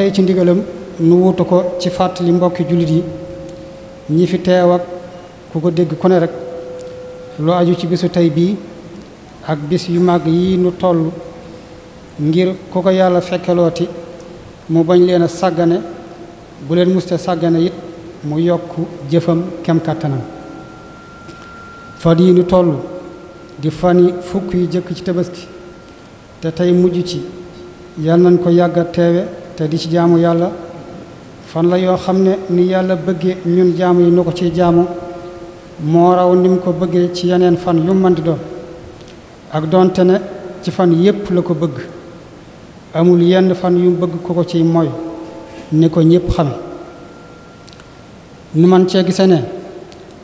tey ci ndigalam nu wuutu ko ci fàttali mbokki jullit yi ñi fi teew ak ku ko dégg kone ne rek lu aju ci bisu tey bii ak bis yu mag yi nu toll ngir ku ko yàlla fekkelooti mu bañ leen a sàggane bu leen muste sàggane it mu yokk jëfam kem kàttanam fan yi nu toll di fani fukk yu jëkk ci tabaski te tey mujj ci yal nañ ko yàgga teewe te di ci jaamu yàlla fan la yoo xam ne ni yàlla bëggee ñun jaamu yi nu ko ciy jaamu moo raw ni mu ko bëggee ci yeneen fan yu mën di doon ak doonte ne ci fan yépp la ko bëgg amul yenn fan yu bëgg ko ko ciy moy ni ko ñépp xame nu man cee gise ne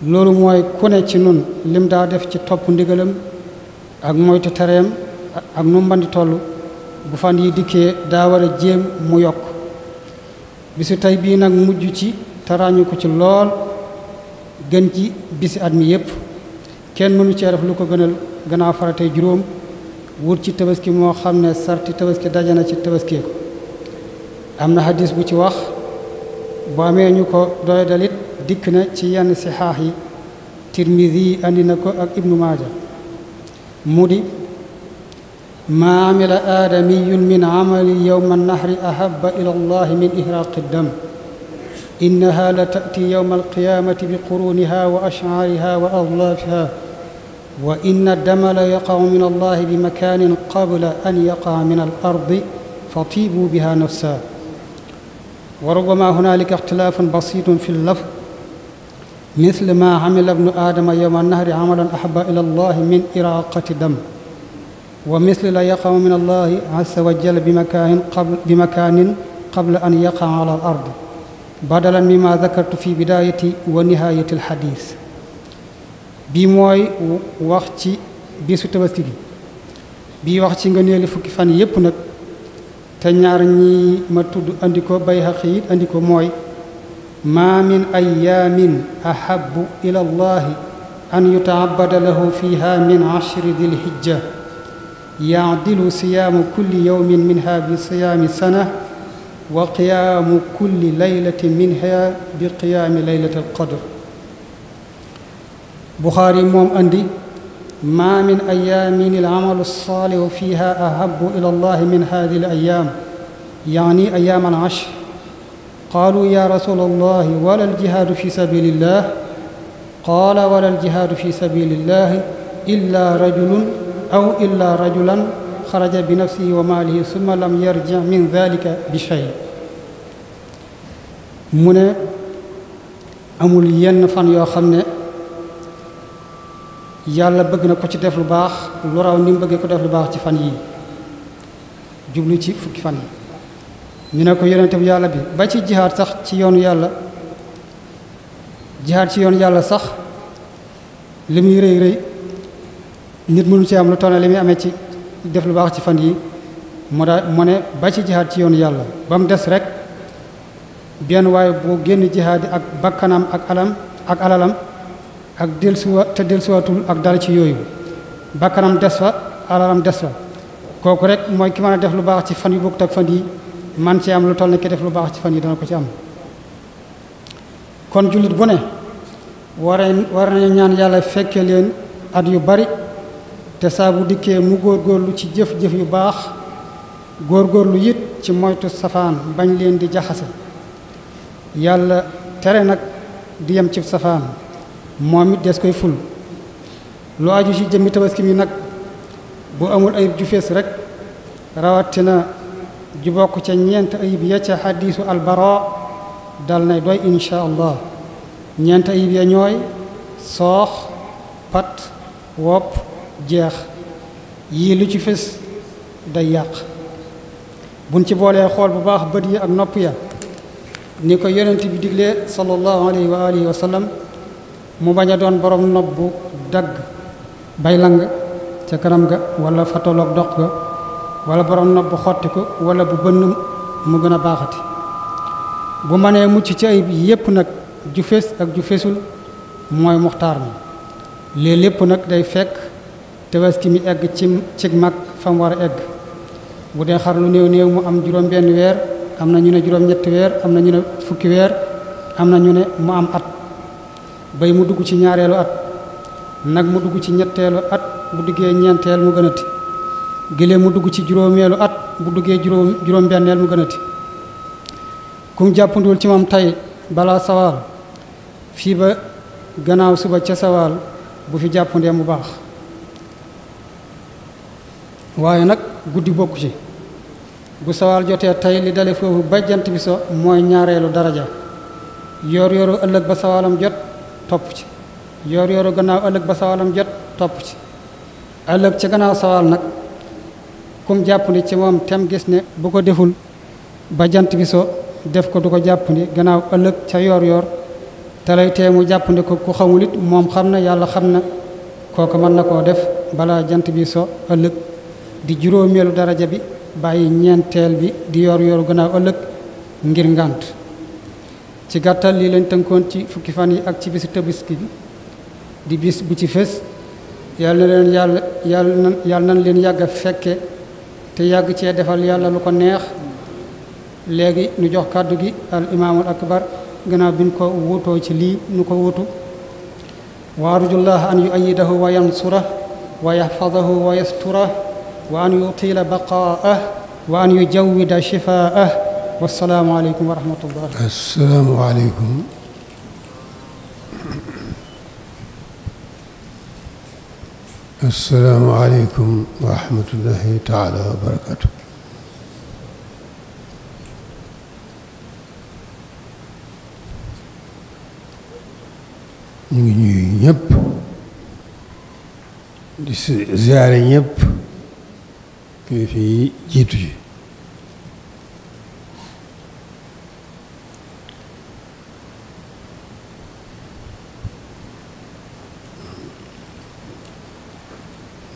loolu mooy ku ne ci nun lim daa def ci topp ndigalam ak moytu tereem ak nu mën di toll bu fan yi dikkee daa war a jéem mu yokk bisu tey bii nag mujj ci taraañu ko ci lool gën ci bisi at mi yépp kenn mënu cee def lu ko gënal gannaaw faratey juróom wut ci tabaski moo xam ne sarti tabaski daje na ci tabaskee ko am na hadis bu ci wax bu amee ñu ko doy dalit dikk na ci yenn sixaax yi tirmidi yi andi na ko ak ibnu maaja mu di ما عمل آدمي من عمل يوم النحر أحب إلى الله من إهراق الدم إنها لتأتي يوم القيامة بقرونها وأشعارها وأظلافها وإن الدم ليقع من الله بمكان قبل أن يقع من الأرض فطيبوا بها نفسا وربما هنالك اختلاف بسيط في اللفظ مثل ما عمل ابن آدم يوم النهر عملا أحب إلى الله من إراقة دم wa misli la yaqamu min allahi azza wa qabla an yaqa ala al ard badalan mimma zakartu fi bidayati wa nihayati al hadis bi mooy wax ci bisu gi bii wax ci nga neeli fukki fan yépp nag te ñaar ñi ma tudd andi ko bayhaqi it mooy ma min ayaamin ahabu ila allahi an yutaabada lahu fiha min ashri dilhijja yaadilu siyaamu kulli yowmin minha bi siyaami sana wa qiyaamu kulli laylati minha bi qiyaami laylati alqadr buxaari moom andi maa min ayaamin alamalu alsaalixu fiha ahabu ila allah min hadihi alayaam yaani ayaam alcashr qaalu ya rasul allah wala aljihaadu fi sabilillah qaala wala aljihaadu fi sabilillah illa rajulun aw illa rajulan xaraja bi nafsihi wa maalihi summa lam yarji min dalika bi shay mu ne amul yenn fan yoo xam ne yàlla bëgg na ko ci def lu baax lu raw ni mu bëggee ko def lu baax ci fan yi jublu ci fukki fan yi ñu ne ko yonente yàlla bi ba ci jihaad sax ci yoonu yàlla jihaad ci yoonu yàlla sax li muy rëy rëy nit mënu ci am lu tone li muy amee ci def lu baax ci fan yi mu daa mu ne ba ci jihaad ci yoonu yàlla ba mu des rek benn waaye bu génn jihaad ak bakkanam ak alam ak alalam ak delsuwa te delsuwaatul ak dara ci yooyu bakkanam des fa alalam des fa kooku rek mooy ki mën def lu baax ci fan yi bokkut ak fan yi man ci am lu toll ne def lu baax ci fan yi dana ko ci am kon jullit bu ne war war ñaan yàlla fekke leen at yu bari te saabu dikkee mu góor góorlu ci jëf-jëf yu baax góorgóorlu it ci moytu safaan bañ leen di jaxase yàlla tere nag di yem ci safaan moom it des koy ful lu aju ci jëmmi tabaski mi nag bu amul ayib jufees rekk rek rawatina ju bokk ca ñeent ayib ya ca xadiisu albara dal nay doy insha allah ñeent ayib ya ñooy soox pat wopp jeex yii lu ci fés day yàq buñ ci boolee xool bu baax bët yi ak nopp ya ni ko yonent bi diglee sallallahu alayhi wa alihi wa sallam mu bañ a doon borom nopp bu dagg bay lang ca kanam ga walla fataloog dox ga wala borom nopp xotti ko wala bu bënn mu gën a baaxati bu mënee mucc ci ayib yépp nag ju fés ak ju fésul mooy muxtaar mi lii lépp nag day fekk ki mi egg ci cig mag fa mu war egg bu dee xar lu néew néew mu am juróom benn weer am na ñu ne juróom ñetti weer am na ñu ne fukki weer am na ñu ne mu am at bay mu dugg ci ñaareelu at nag mu dugg ci ñetteelu at bu duggee ñeenteel mu gënati gëléem mu dugg ci juróomeelu at bu duggee juróom juróom benneel mu gënati kum jàppandul ci moom tey balaa sawaal fii ba gannaaw suba ca sawaal bu fi jàppandee mu baax waaye nag guddi bokk ci bu sawal jotee tey li dale foofu ba jant bi so mooy ñaareelu daraja yoor yooru ëllëg ba sawaalam jot topp ci yoor yooru gannaaw ëllëg ba sawaalam jot topp ci ëllëg ca gannaaw sawal nag kum jàpp ci moom tem gis ne bu ko deful ba jant bi so def ko du ko jàpp ni gannaaw ëllëg ca yoor yoor te mu jàpp ne ko ku xamul moom xam na yàlla xam na kooku mën na koo def balaa jant bi so ëllëg di juróomeelu daraja bi bàyyi ñeenteel bi di yor yoru gannaaw ëllëg ngir ngànt ci gàttal lii lañ tënkoon ci fukki fan yi ak ci bisu tabaski bi di bis bu ci fës yàlla na leen yàlla yàlla na nañ leen yàgg a fekke te yàgg cee defal yàlla lu ko neex léegi nu jox kàddu gi al imaamul akbar gannaaw bin ko wuutoo ci lii nu ko wuutu wa arjullah an yu ayidahu wa yansura wa yahfadahu wa yastura وأن يطيل بقاءه وأن يجود شفاءه والسلام عليكم ورحمة الله السلام عليكم السلام عليكم ورحمة الله تعالى وبركاته ñu ngi ñuy ñëpp di ziare ñëpp kilifa yi jiitu ji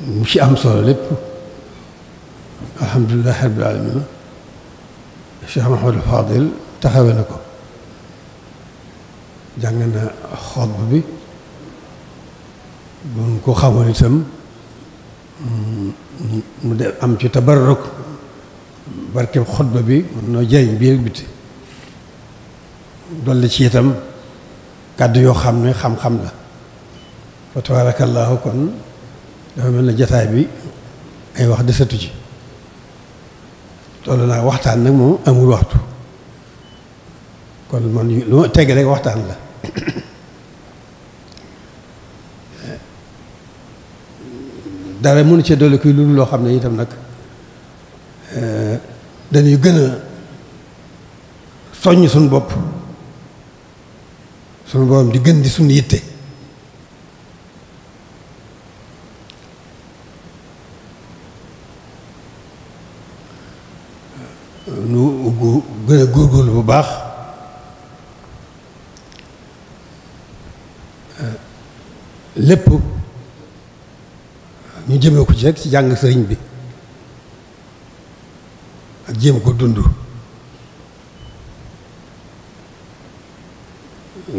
mu ci am solo lépp alhamdulilahi rabbil alamin Cheikh Mahamadou Fadil taxawe na ko jàng na xotb bi buñ ko xamoon itam mu de am ci tabarruk barkeb xutba bi mën noo jëriñ biir biti dolli ci itam kàddu yoo xam ne xam-xam la fa tabaarakallaahu kon dafa mel na jataay bi ay wax desatu ci toll naa waxtaan nag moom amul waxtu kon man lu ma teg rek waxtaan la dara mënu ci dolli kuy loolu loo xam ne itam nag eh, dañuy gën a soññ suñu bopp suñu borom di gën di suñu yitte nu gu gën a góorgóorlu bu baax eh, lépp ñu jëmee ko ci nag ci jàng sëriñ bi ak jéem ko dund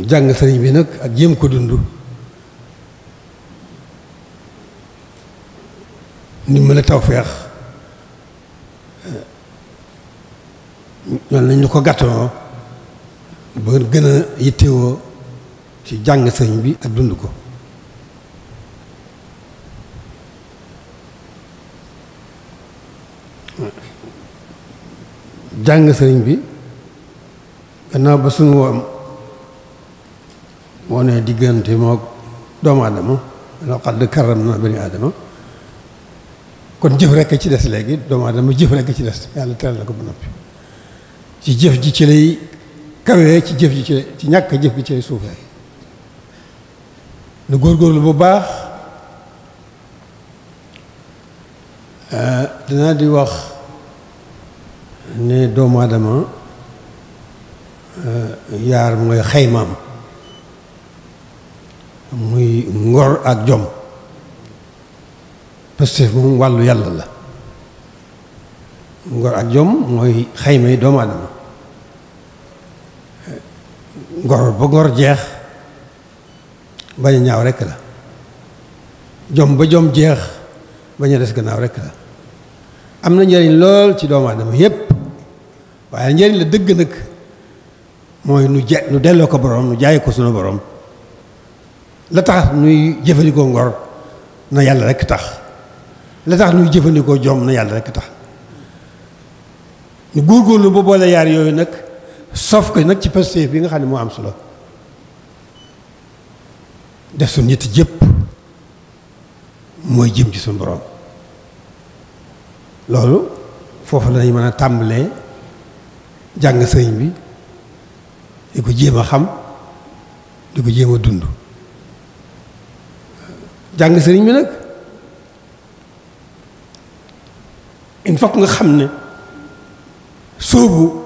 jàng sëriñ bi nag ak jéem ko dund ni mën a tawfeex ñoon nañ ñu ko gàttanoo ba gën a yittewoo ci jàng sëriñ bi ak dund ko jàng sëriñ bi gannaaw ba suñu woom moo ne diggante moo doomu aadama laqad karramnaa bani aadama kon jëf rekk ci des léegi doomu aadama jëf rekk ci des yàlla teral na ko ba noppi ci jëf ji ci lay kawee ci jëf ji ci ci ñàkk jëf ji ci lay suufee lu góorgóorlu bu baax danaa di wax ne doomu aadama euh, yaar mooy xaymaam muy ngor ak jom pëstef moom wàllu yàlla la ngor ak jom mooy xaymay doomu aadama ngor ba ngor jeex bañ a ñaaw rekk la jom ba jom jeex bañ a des gannaaw rekk la am na njëriñ lool ci doomu aadama yépp waaye njëriñ la dëgg nag mooy nu ja nu delloo ko boroom nu jaay ko sunu boroom la tax nuy jëfandikoo ngor na yàlla rekk tax la tax nuy jëfandikoo jom na yàlla rekk tax ñu góorgóorlu ba boole yaar yooyu nag sof ko nag ci pastéef bi nga xam ne moo am solo def suñ ñetti jëpp mooy jëm ci suñu boroom loolu foofu lañu mën a tàmbalee jàng sëriñ bi di ko jéem a xam di ko jéem a dund jàng sëriñ bi nag il faut nga xam ne soobu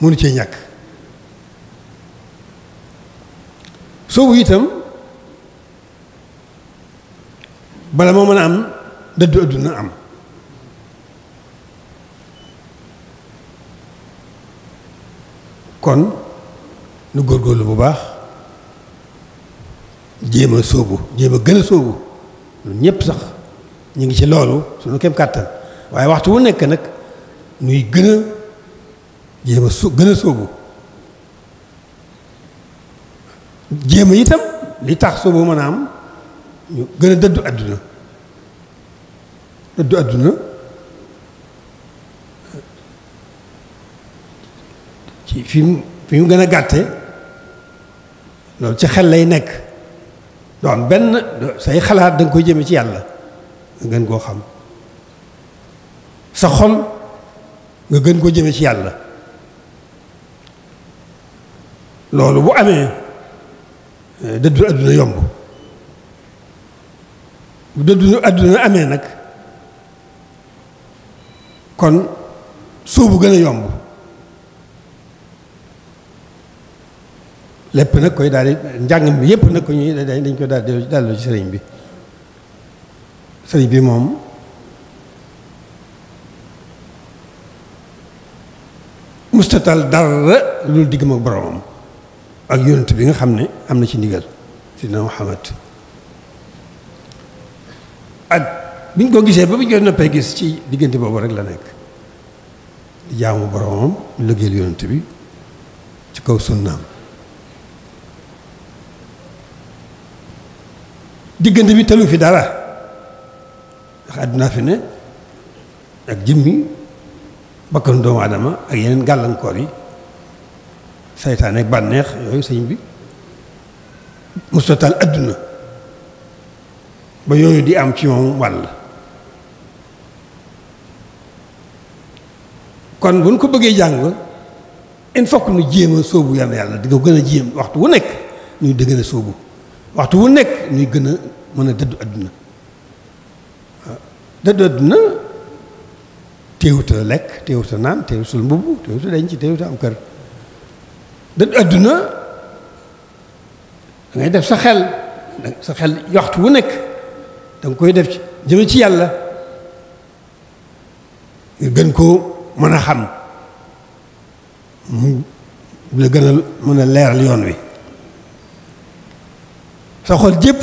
mënu cee ñàkk sóobu itam bala moo mën a am dëddu àdduna am kon nu góor góorlu bu baax jéem a sóobu jéem a gën a sóobu ñun ñëpp sax ñu ngi ci loolu suñu kem kàttan waaye waxtu wu nekk nag nuy gën a jéema su gën a sóobu jéem a itam li tax sóobu mën a am ñu gën a dëddu àdduna dëddu àdduna ci fi fi mu gën a gàtte loolu ci xel lay nekk doon benn say xalaat da nga koy jëme ci yàlla nga gën koo xam sa xol nga gën koo jëme ci yàlla loolu bu amee eh, dëddu àdduna yomb bu dëddu àdduna amee nag kon bu gën a yomb lépp nag koy daal di njàng mi yëpp nag ko ñuy dañ ko daal di delloo ci sëriñ bi sëriñ bi moom mustatal dara lu diggam ak boromam ak yonent bi nga xam ne am na ci ndigal sidina Muhammad ak biñ ko gisee ba bu ñu koy noppee gis ci diggante boobu rek la nekk di jaamu boromam liggéeyal yonent bi ci kaw sunnaam diggante bi tëlu fi dara ndax àdduna fi ne ak jëmmi bakkanu doomu aadama ak yeneen gàllankoor yi saytaan ak bànneex yooyu sëñ bi mustatal àdduna ba yooyu di am ci moom wàll kon buñ ko bëggee jàng il faut nu jéem a sóobu yàlla yàlla di ko gën a jéem waxtu wu nekk ñuy di gën sóobu waxtu wu nekk ñuy gën a mën a dëddu àdduna ah, dëddu àdduna téewuta lekk téewuta naan téewut sul mbubb téewuta denc téewuta am kër dëddu àdduna da ngay def sa xel sa xel waxtu wu nekk da koy def ci jëme ci yàlla nga gën koo mën a xam mu la gën a mën a leeral yoon wi sa xol jépp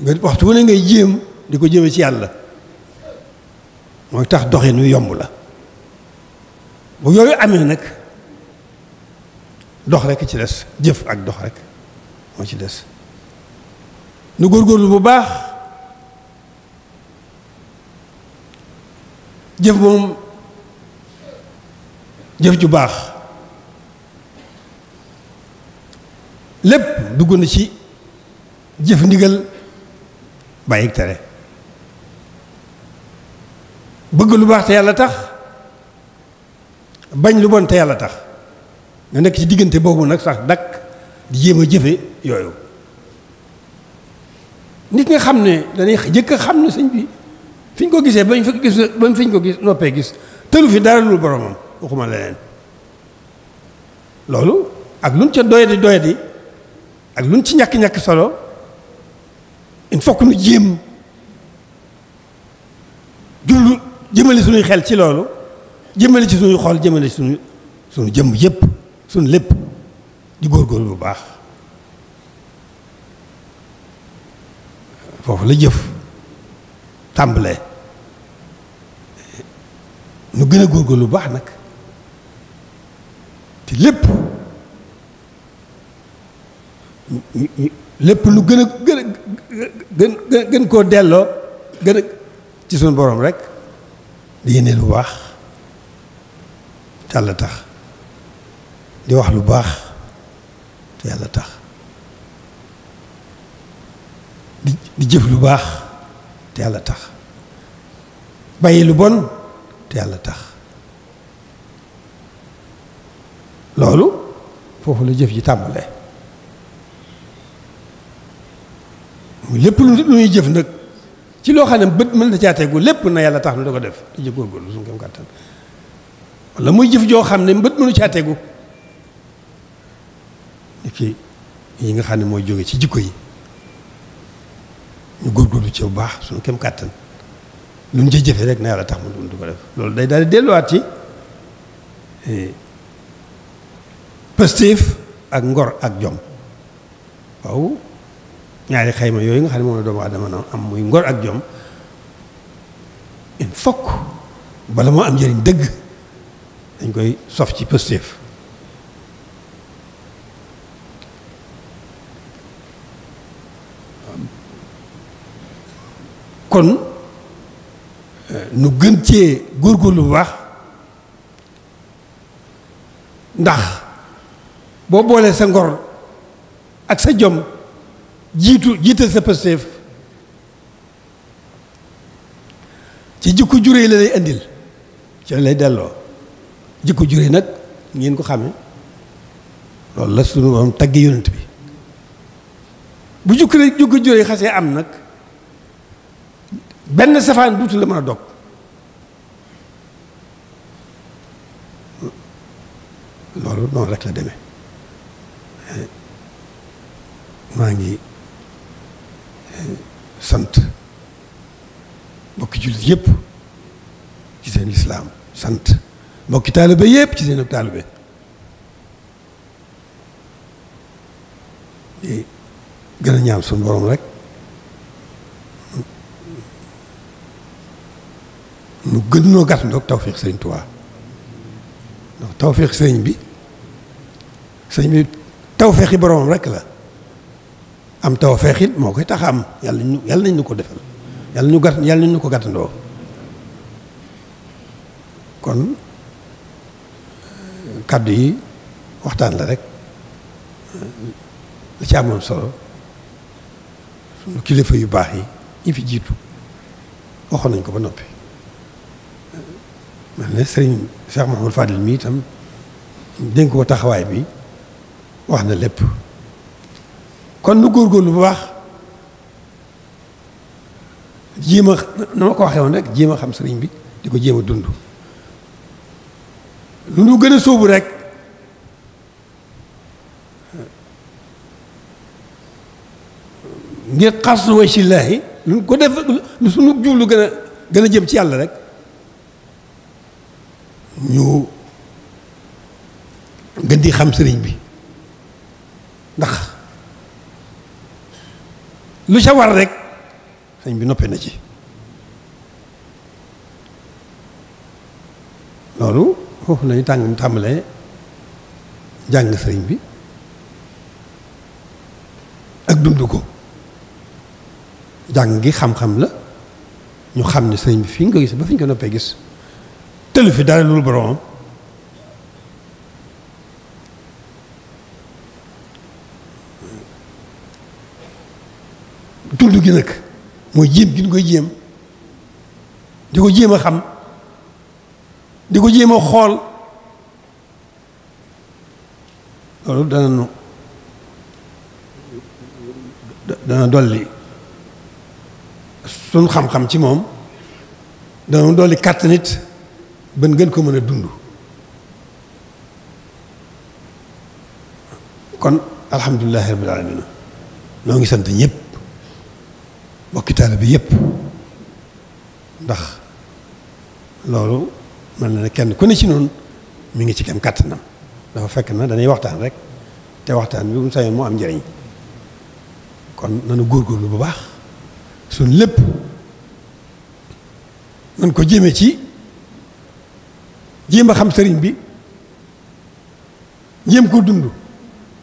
nga waxtu wu ne ngay jéem di ko jëme ci yàlla mooy tax doxin wi yomb la bu yooyu amee nag dox rekk ci des jëf ak dox rekk moo ci des nu góorgóorlu bu baax jëf moom jëf ju baax lépp dugg na ci jëf ndigal bàyyi tere bëgg lu baax te yàlla tax bañ lu bon te yàlla tax nga nekk ci diggante boobu nag sax dakk di jéem a jëfe yooyu nit nga xam ne dañuy jëkk a xam ne sëñ bi fi ñu ko gisee bañ fa gis bañ fi ñu ko gis noppee gis tëlu fi dara lu boromam waxuma leneen loolu ak lu luñ ca doyadi doyadi ak luñ ci ñàkk ñàkk solo il faut nu jéem jullu jëmale suñuy xel ci loolu jëmale ci suñuy xool jëmale ci suñu suñu jëmm yépp suñu lépp di góor góor bu baax foofu la jëf tàmbalee nu gën a góor góor lu baax nag te lépp lépp lu gën a gën gën gën koo delloo gën a ci suñu borom rekk di yéene lu baax te yàlla tax di wax lu baax te tax di jëf lu baax te yàlla tax bàyyi lu bon te yàlla tax loolu foofu la jëf ji tàmbalee. lépp lu lu jëf nag ci loo xam ne bët mën na caa tegu lépp na yàlla tax nu da def di jëf góorgóorlu suñu kam kàttan jëf joo xam ne bët mënu caa yi nga xam ne mooy jóge ci jikko yi ñu góorgóorlu ci bu baax suñu kem kàttan lu ñu jëfe rek na yàlla tax mu du ko def loolu day daal di delluwaat ci eh, pëstéef ak ngor ak jom waaw ñaari xayma yooyu nga xam ne moom la doomu aadama na am muy ngor ak jom in fokk bala moo am njëriñ dëgg dañ koy sof ci pëstéef kon nu gën cee góor lu baax ndax boo boolee sa ngor ak sa jom jiitu jiital sa Pastef ci jikko juree la lay indil ci lay delloo jikko juree nag ngeen ko xame loolu la sunu moom tagge yonent bi bu jukki rek jukki xasee am nag benn safaan duutu la mën a dog loolu noonu rek la demee maa ngi sant mbokki jullit yépp ci seen lislaam sant mbokki taalibe yépp ci seen taalibe di gën a ñaan suñu borom rek nu gën noo gàtt ndoog tawfiix sëriñ Tuubaa ndax tawfiix sëriñ bi sëriñ bi tawfiixi boromam rek la am taw it moo koy tax am yàlla ñu yàlla nañ ñu ko defal yàlla ñu gàtt yàlla nañ ñu ko gàttandoo kon euh, kàddu yi waxtaan la rek la ci amoon solo sunu kilifa yu baax yi ñi fi jiitu waxoon nañ ko ba noppi euh, mel ne sëriñ Cheikh Mahmoud Fadil mi itam dénk ko taxawaay bi wax na lépp kon nu góorgóorlu bu baax jéem a nu ma ko waxee woon rek jéem xam sëriñ bi di ko jéem a dund lu nu gën a sóobu rek ngir xaslu way sillaahi lu ko def lu sunu jublu gën a gën a jëm ci yàlla rek ñu gën di xam sëriñ bi ndax lu ca war rek sëñ bi noppee na ci loolu foofu nañu tàng tàmbalee jàng sëriñ bi ak dund ko jàng gi xam-xam la ñu xam ne sëriñ bi fi ñu ko gis ba fi ñu ko noppee gis tëlu fi dara loolu boromam gi nag mooy jéem gi koy jéem di ko jéem a xam di ko jéem xool loolu dana nu dana dolli suñ xam-xam ci moom dana dolli kàtt nit bën gën ko mën a dund kon alhamdulilahi rabbil alamin noo ngi sant ñëpp bokki bi yépp ndax loolu mel na ne kenn ku ne ci noonu mu ngi ci kem kàttanam dafa fekk na dañuy waxtaan rek te waxtaan bi mu sañoon moo am njëriñ kon nanu góorlu bu baax suñ lépp nan ko jéeme ci jéem a xam sëriñ bi jéem koo dund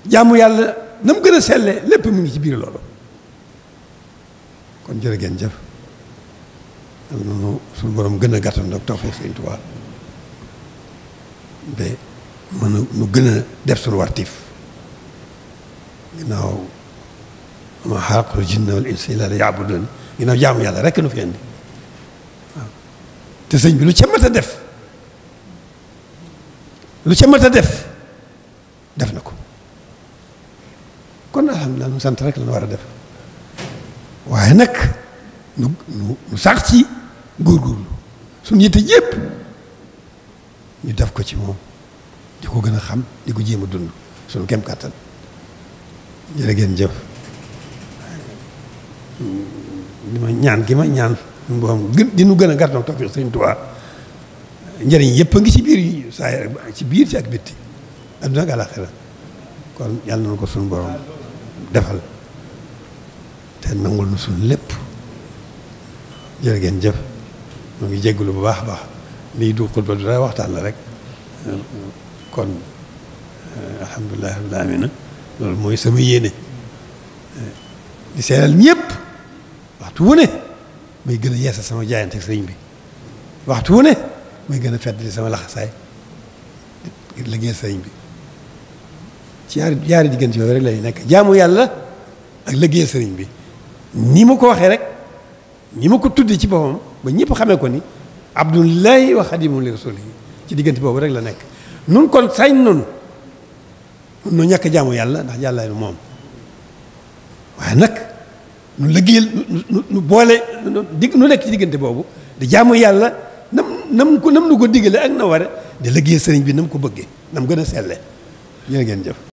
jaamu yàlla na mu gën a selle lépp mu ngi ci biir loolu kon jërë ngeen jëf yal na nu suñu borom gën a gàttan ak tawfeex Sëriñ Tuubaa ba mën a nu gën a def suñu wartiif ginnaaw ma xalaqtul jinna wal insa illa liya'budun ginnaaw jaamu yàlla rek nu fi indi te sëñ bi lu ca a def lu ca mat a def def na ko kon alhamdulilah nu sant rek la nu war a def waaye nag nu nu sax ci góorgóorlu suñu yitte yépp ñu def ko ci moom di ko gën a xam di ko jéem a dund suñu kem kàttan jërë ngeen jëf mm, li ñaan gi ma ñaan boom di nu gën a gàttal tawfiq Sëriñ Tuubaa yépp a ngi ci biir saa yi ci biir ci ak bitti adduna ak àlaxira kon yàlla na ko suñu borom defal te nangul nu suñ lépp jërë ngeen jëf mu ngi jégalu bu baax a baax lii du xutba du dara waxtaan la rek kon eh, alhamdulilah rabbil aalamiina loolu mooy sama yéene eh, di seeral ñëpp waxtu wu ne may gën a yeesal sama jaayante sëriñ bi waxtu wu ne may gën a fedd di sama laxasaay liggéey sëriñ bi ci yaari yaari gën yooyu rek lay nekk jaamu yàlla ak liggéey sëriñ bi nii mu ko waxee rek ni mu ko tuddee ci boppam ba ñépp xamee ko ni abdullahi wa xadimu li rasuli ci diggante boobu rek la nekk nun ko sañ nonu mun nu ñàkk jaamu yàlla ndax yàlla nu moom waaye nag nu liggéeyal nu boole di nu nekk ci diggante boobu di jaamu yàlla nam nam ko nam nu ko diggale ak na ware di liggéeyal sëriñ bi nam ko bëggee nam gën a selle jërë ngeen jëf